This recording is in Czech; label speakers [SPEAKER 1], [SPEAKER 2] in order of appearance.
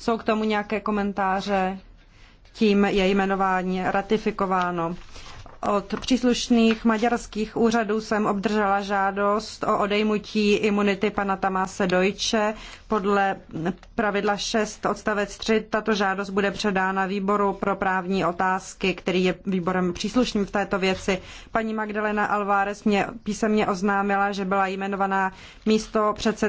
[SPEAKER 1] Jsou k tomu nějaké komentáře? Tím je jmenování ratifikováno. Od příslušných maďarských úřadů jsem obdržela žádost o odejmutí imunity pana Tamase Dojče. Podle pravidla 6 odstavec 3 tato žádost bude předána výboru pro právní otázky, který je výborem příslušným v této věci. Paní Magdalena Alvarez mě písemně oznámila, že byla
[SPEAKER 2] jmenovaná místo předsedkyně